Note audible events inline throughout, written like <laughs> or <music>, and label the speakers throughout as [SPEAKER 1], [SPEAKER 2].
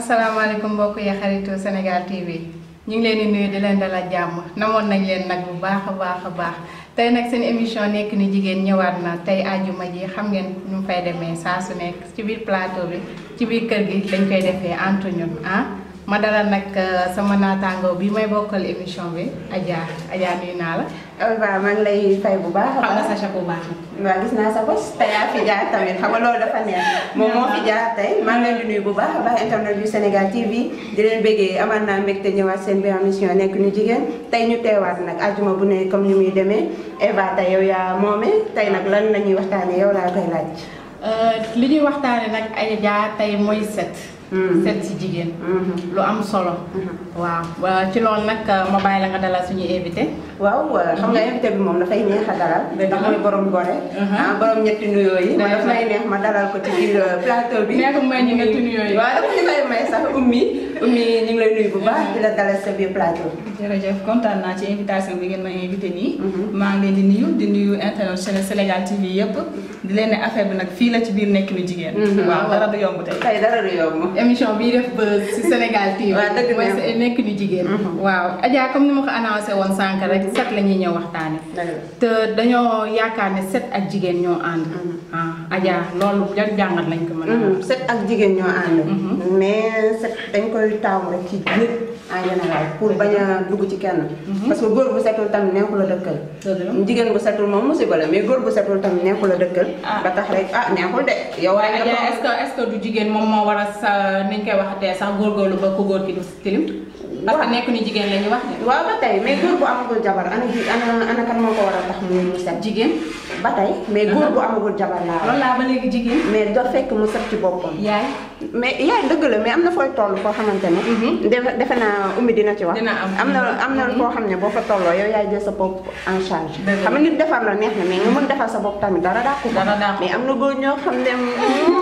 [SPEAKER 1] asalaamaaleykum mbokk yi xaritu Sénégal TV ñu ngi leen di nuyu di leen dalal jàmm namoon nañ leen nag bu baax a baax a baax tey nag seen émission nekk ni jigéen ñëwaat na tey àjjuma ji xam ngeen ñu fay demee saa su nekk ci biir plateau bi ci biir kër gi dañ koy defee entre ah. ma dalal nag euh, sama naataango bi may bokkal émission bi Adja Adja nuyu naa la. Euh, waaw maa lay fay bu baax. xam nga sa chef bu baax. waaw gis naa sa bos te fi jaar tamit xam loolu dafa neex. <laughs> moom moo fi jaar tey maa ngi leen di nuyu bu baax baax internet yu Sénégal TV di leen bëggee amaat naa mbégte ñëwaat seen biir émission nekk ñu jigéen tey ñu teewaat nag àjjuma bu ne comme ni muy demee Eva tey yow yaa moome tey nag lan la ñuy waxtaanee yow laa koy laaj. Euh, li ñuy waxtaane nag ay jaa tey mooy set hmm. set si jigéen hmm. lu am solo hmm. waaw ci loolu nag euh, ma bàyyi la nga dalal suñu invité waaw euh, xam nga invité bi moom dafay neex a dalal ndax mooy borom gore uh-huh. ah borom ñetti nuyoo yi ma daf may neex ma dalal ko ci biir plateau bi neex may ñu ñetti nuyoo yi waaw dafa ñu may sax ummi umi ñu ngi lay nuyu bu baax di la dalal sa biir plateau jërëjëf kontaan naa ci invitation bi ngeen invité hmm. nii maa ngi leen di nuyu di nuyu international eh, Sénégal TV yëpp ya, di leen ne affaire bi nag fii la ci biir nekk nu jigéen hmm. waaw dara du yomb tey tey dara du yomb émission bi def ba si Sénégal TV <laughs> waaw dëgg mooy sa nekk nu jigéen hmm. waaw Adja comme ni ma ko annoncé woon sànq rek set la ñuy ñëw waxtaane te dañoo yaakaar ne set ak jigéen ñoo ànd ah Adja loolu jàngat lañ ko mën a set ak jigéen ñoo ànd mais set dañ koy setul taaw rek ci nit en général pour bañ a dugg ci kenn parce que góor bu setul tam nekku la dëkkal jigéen bu setul moom musiba la mais góor bu setul tam nekku la dëkkal ba tax rek ah neexul de yow ya, waaye est ce que est ce que du jigéen moom moo war eh, a sa koy waxatee sax góorgóorlu ba ko góor ki du gitu, tilim parce que nekk ni jigéen la ñu wax ne. waaw ba tey mais góor bu amagul jabar ana ji moo ko war a tax muy mu set. jigéen ba tey mais góor bu amagul jabar laa. loolu laa ba léegi jigéen. mais doo fekk mu set ci boppam. yaay mais yaay dëgg la mais am na fooy foo mhm. dina ci wax. dina am na am na foo mhm. mhm. xam ne boo fa tolloo yow yaay jël sa bopp en charge. xam nga nit defar la neex na mais nga mën defar sa bopp tamit dara daa ko. dara mais am na góor ñoo xam ne. Mm,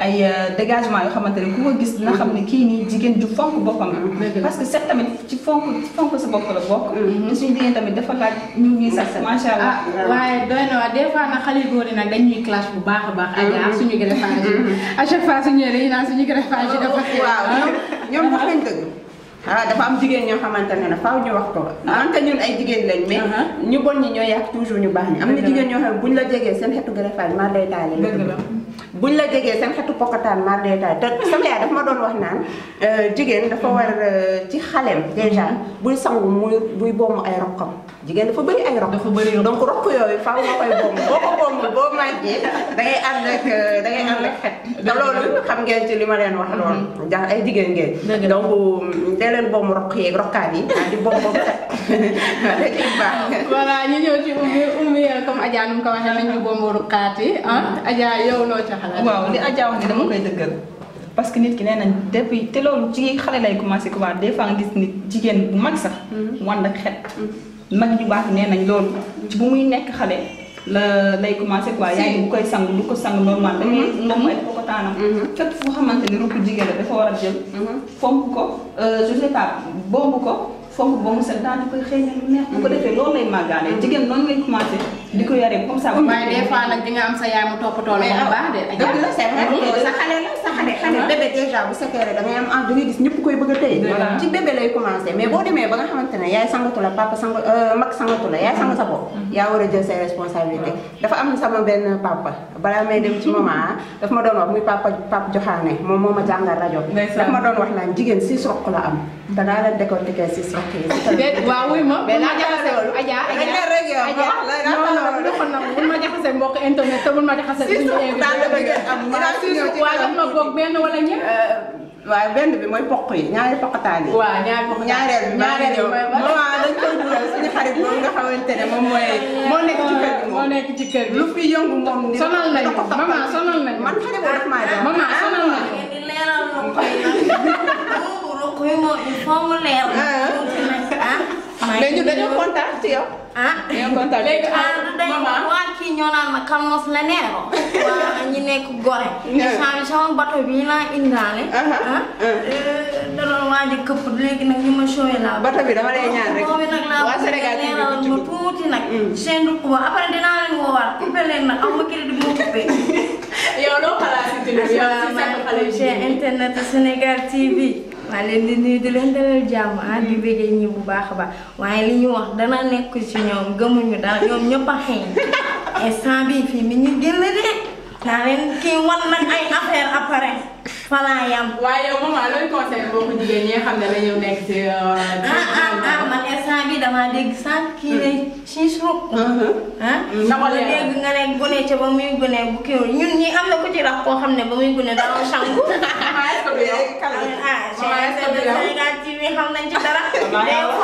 [SPEAKER 1] ay euh, dégagement yoo xamante ne ku ko gis dina xam ne kii nii jigéen ju fonk boppam la parce que set tamit ci fonk fonk sa bopp la bokk mhm. te suñu jigéen tamit dafa laaj ñu ngi sax macha allah ah, waaye doy na waa des fois nag xale góor yi nag dañuy clash bu baax a baax mhm. ak suñu greffage yi mhm. à chaque fois suñu ñëwee dañuy naan suñu greffage yi dafa waaw ñoom ah. wax nañ dëgg ah dafa am jigéen ñoo xamante ne faaw ñu wax ko wante ah. ñun ay jigéen lañ mais uh-huh. ñu bon ñi ñoo yàq toujours ñu baax ñi am na jigéen ñoo xam buñ la jegee seen xetu gërëfaat mar day taale buñ la jegee seen xetu pokotaan mar day taale te sama ma doon wax naan euh, jigéen dafa war uh-huh. euh, ci xaleem déjà uh-huh. buy sangu muy buy bomb ay rokkam jigéen dafa bëri ay rokk dafa bëri donc rokk yooyu faaw nga koy bomb boo ko bomb boo màggee da ngay ànd ak euh, da ngay ànd xet te xam ngeen ci li ma leen wax loolu ndax ay jigéen ngeen beneen bomb roq yeeg roqaat yi di bomb ba <laughs> baax. voilà ñu ñëw ci ummi ummi comme Adja nu mu ko waxee nañu bomb roqaat yi ah mm-hmm. Adja yow loo ca xalaat. waaw li Adja wax ni dama mm-hmm. koy parce que nit ki nee nañ depuis te loolu ci xale lay commencé ko waa des fois nga gis nit jigéen bu mag sax. wan mm-hmm. ak xet. mag ñu baax nee nañ loolu. ci bu muy nekk xale. la lay commencé quoi. si yaa ngi koy sang du ko sang normal. Mhm. da ngay ndox mu ko taanam. Mhm. fépp fu xamante ni ruupu jigéen la dafa war a jël. Mhm. fomp ko euh, je sais pas bomb ko. fomp ba mu set daal di koy xeeñal lu neex bu ko defee loolu lay màggaale jigéen noonu lañ commencé di ko yore comme ça waaye des fois nag di nga am sa yaay mu toppatoo la bu ah, baax de dëgg la sa xale la sa xale xale mm-hmm. bébé déjà bu seteere da ngay am ah da ngay gis ñëpp koy bëgg a tëye ci bébé lay commencé mais boo demee ba nga xamante ne yaay sangatu la papa sang euh, mag sangatu la yaay sang sa bopp Ya war a jël say responsabilité dafa am sama Ben papa balaa may dem ci maman <laughs> daf ma doon wax muy papa papa joxaane moom moo ma jàngal rajo daf ma doon wax naan jigéen six roq la am mm-hmm. danaa la décortiquer six roq déet waaw wuy ma mais laa jaxase loolu Adja Adja rek yow non non bul ma jaxase mbokk internet te bul ma jaxase suñu invité waaw daf ma boog benn wala ñëpp waaw benn bi mooy poq yi ñaari poqataan yi waaw ñaari poq ñaareel bi ñaareel bi waaw dañ koy dugal suñu xarit boobu nga xamante ne moom mooy moo nekk ci kër gi moo nekk ci kër gi lu fi yëngu moom ni sonal nañu maman sonal
[SPEAKER 2] nañu man xarit boobu daf maa sonal nañu oui moom il faut mu leer. Ah, ah. Ah, yow. ah dañoo kontaan léegi kii ñoo naan ñi nekk gore. émission sama bato bii euh, laa ma sooyee laa. bato bi dama lay ñaan rek waa Sénégal nag. seen dugg ba après dinaa leen woowaat coupé leen nag am ma crédit moo coupé. <laughs> yow loo xalaat ci internet Sénégal TV. maa leen di nuyu di leen dalal jàmm ah di mm-hmm. bëggee ñi bu baax a baax waaye li ñu wax dana nekk ci ñoom gëmuñu dara ñoom ñëpp a xeeñ <laughs> instant bii fii mi ñu génn de naa leen kii wan nag ay affaire appareil fa laa yam. waaye yow maman looy conseil boobu jigéen ñi xam ne dañoo nekk ci. ah ah man instant bi damaa dégg sànq. kii ne ci suuf. ah dama dégg nga ne gune ca ba muy gune bu kii ñun ñi am na ku ci rax koo xam ne ba muy gune daaw sangu. ah est-ce que bi yow. ah si Sénégal TV xam nañ ci dara.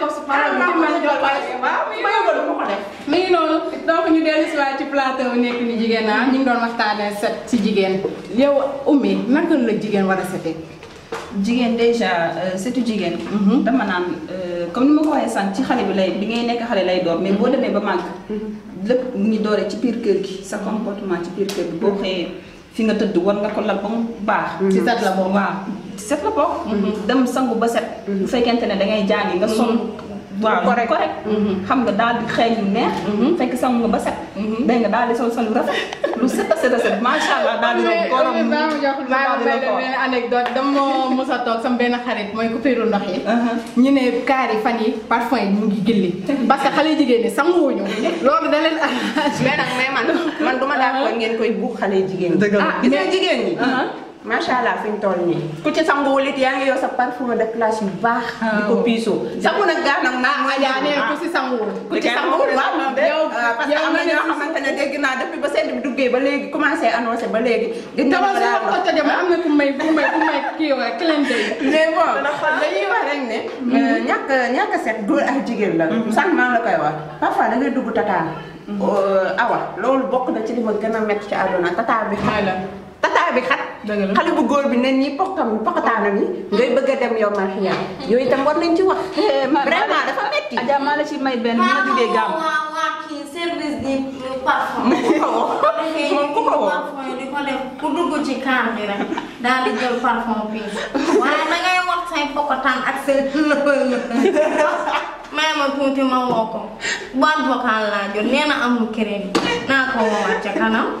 [SPEAKER 2] toog si pare bi ma ñu doon pare ma
[SPEAKER 1] ko def. mi ngi noonu donc ñu dellu si waat ci plateau nekk ni jigéen ah ñu ngi doon waxtaanee set si jigéen yow Oumy naka la jigéen war a setee. jigéen déjà euh, setu jigéen. Mm-hmm. dama naan euh, comme ni ma ko waxee sànq ci xale bi lay bi ngay nekk xale lay door mais mm-hmm. boo demee ba màgg. Mm-hmm. lépp mu ngi dooree ci biir kër gi sa comportement ci biir kër gi boo xëyee fi nga tëdd war nga ko lal ba mu baax. ci set la boobu waaw. set la bokk. Mhm. dem sangu ba set. bu mhm. fekkente ne da ngay jàngi nga sol. Mhm. waaw correct correct. xam nga daal di xeeñ lu neex. fekk sangu nga ba set. dégg nga daal di sol sol lu rafet lu set a set a set macha allah daal di doon góoram. lu daal di doon góoram mais mooy coupeeru ndox yi. Uh-huh. ñu ne kaar yi fan yi parfum yi mu ngi gilli. parce que xale jigéen ñi sanguwuñu loolu da leen arrange. <laughs> mais nag mais man man duma daal ko ngeen koy buux xale jigéen ñi. dëgg la ah gis nga jigéen ñi. Uh-huh. macha allah fi ñu toll nii ku ci sanguwul yaa ngi yor sa parfum de classe yu baax. Oh. di ko piisoo. sangu nag gaa nag naa ma yaa ne ku ci sanguwul. ku ci sanguwul dégg naa depuis ba sedd bi duggee ba léegi commencé annoncé ba léegi. gis nañu ko daal waaw am na ku may ku may ku may kii waa cliente yi. mais bon dañuy wax rek ne. ñàkk ñàkk set góor ak jigéen koy wax parfois da dugg tataan. awa loolu bokk na ci li ma gën a métti ci àdduna tataan bi bi xat. Kalau bu góor nih ne nii pokkam pokkataanam yi ngay bëgg a dem yow ya, Mariam ya. yooyu itam war nañ ci wax vraiment dafa
[SPEAKER 2] metti Adja maa ci may benn mën a service di parfum ku ko woo di ko def ku dugg ci kaam bi rek daal di jël parfum piis waaye da ngay wax say pokotaan ak sa may ko na amul crédit naa ko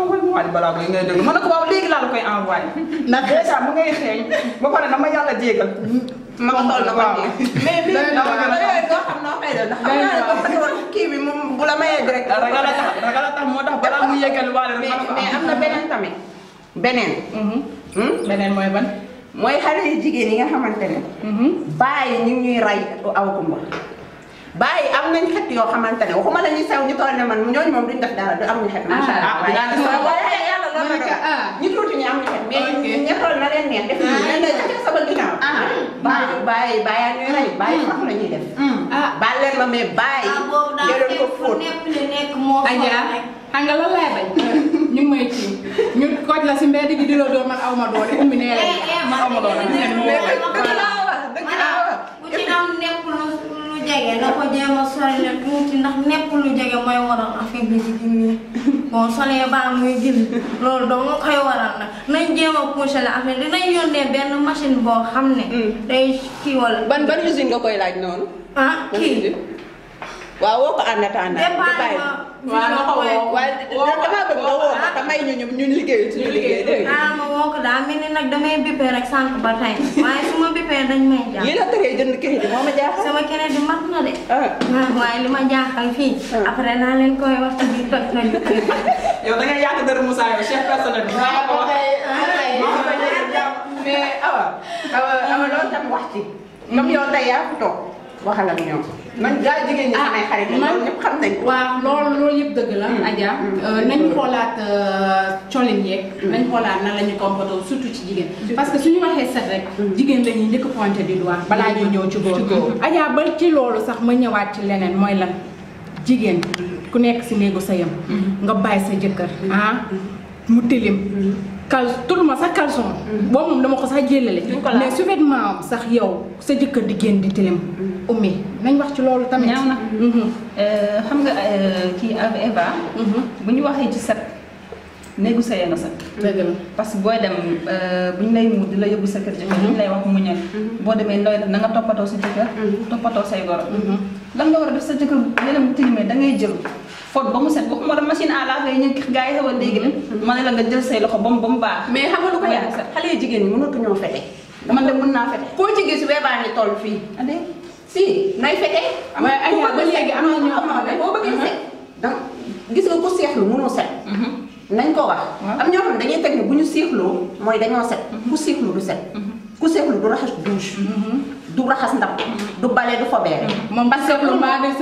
[SPEAKER 1] envoyé ma Wally balaa ngay ngay déglu ma ne ko waaw léegi laa la koy envoyé. ndax dèjà mu ngay xeeñ ba pare <laughs> dama yàlla jégal. ma toll na waaw mais bii dama gën a yooyu doo xam noo koy def ndax xam naa ne comme parce que kii bi moom bu la mayee direct. ragal a tax ragal a tax moo tax balaa muy yeggali Wally mais mais am na beneen tamit. beneen. Mm-hmm. Hmm? beneen mooy ban. mooy xale yu jigéen yi nga xamante ne. Mm-hmm. bàyyi ñu ngi ñuy ray aw kumba. bàyyi am nañ xet yoo xamante ne waxuma la ñuy sew ñu toll ne man ñooñu moom duñ def dara du amuñu xet. Ah. macha allah ah, waaye yàlla
[SPEAKER 2] loolu la ah.
[SPEAKER 1] ñu tuuti ñu amuñu xet. mais ñi mm. mm. la ñuy def. Mm. ah baal leen ma mais bàyyi. jëloon ko fóot
[SPEAKER 2] nga lan laay <laughs> ñu ngi ci
[SPEAKER 1] ñu kooj la si mbedd gi di la doo man aw ma doole ummi nee eh, la eh, man aw ma doole. dëgg la
[SPEAKER 2] dëgg la dëgg la jege na ko jéem a sori la tuuti ndax nepp lu jege mooy waral affaire bi di dindi bon solee baa muy dindi loolu dong nga koy waral nag nañ jéem a poussé la affaire dinañ yónnee benn machine boo xam ne. Hmm. day kii wala. ban ban usine nga koy laaj noonu. ah
[SPEAKER 1] kii waaw woo ko ànd ak ànd waaw ma woo waaye dama bëgg nga woo ma
[SPEAKER 2] ah ma woo ko daa mel ni nag damay bippee rek sànq ba tey waaye su ma sama kene di mat na de waaye li ma jaaxal fii après naa leen koy wax ci biir toj nañu
[SPEAKER 1] yow chef personnel bi maa ko wax mais awa awa awa loolu tam wax ci comme yow tey yaa ko man gars jigéen ñi samay ah, xarit la loolu ñëpp xam nañ ko. waaw loolu loolu yëpp dëgg la. Mm. Adja mm. euh, nañu xoolaat euh, colin yeeg. Mm. nañu xoolaat nan la ñu comporter surtout ci jigéen. parce que suñu waxee set rek. jigéen la ñuy njëkk pointé du doigt balaa ñuy ñëw ci góor. Adja ba ci loolu sax ma ñëwaat ci leneen mooy lan jigéen ku nekk si néegu sayam. nga bàyyi sa jëkkër ah mu tilim. cal tudduma sax caleçon. Mm-hmm. boobu moom dama ko sax jëlale. mais su vêtement sax yow sa jëkkër di génn di tilim. Mm-hmm. ummi nañ wax ci loolu tamit. ñaaw na mm-hmm. euh, xam nga euh, kii Eva. bu ñu waxee ci set néegu sa yenn set. dëgg la parce booy dem euh, bu ñu lay mu di la yóbbu sa kër jëkkër. ñu lay wax mu ñëw. boo demee nooy def na nga toppatoo sa jëkkër. toppatoo say goro. lan war a def sa jëkkër yeneen tilimee da ngay jël. fot ba mu set waxuma la machine à laver yi ñu gaa mm-hmm. koo ci gis weebaa fii ade ah, si nay fete waaye am na ñoo xam ne boo bëggee set uh-huh. donc gis nga ku seexlu mënoo set mm-hmm. nañ ko wax am ñoo xam ne dañuy teg bu ñu siixloo mooy dañoo set mm-hmm. ku siixlu du set ku seexlu du raxas douche du raxas ndab du bale du fobeere moom parce que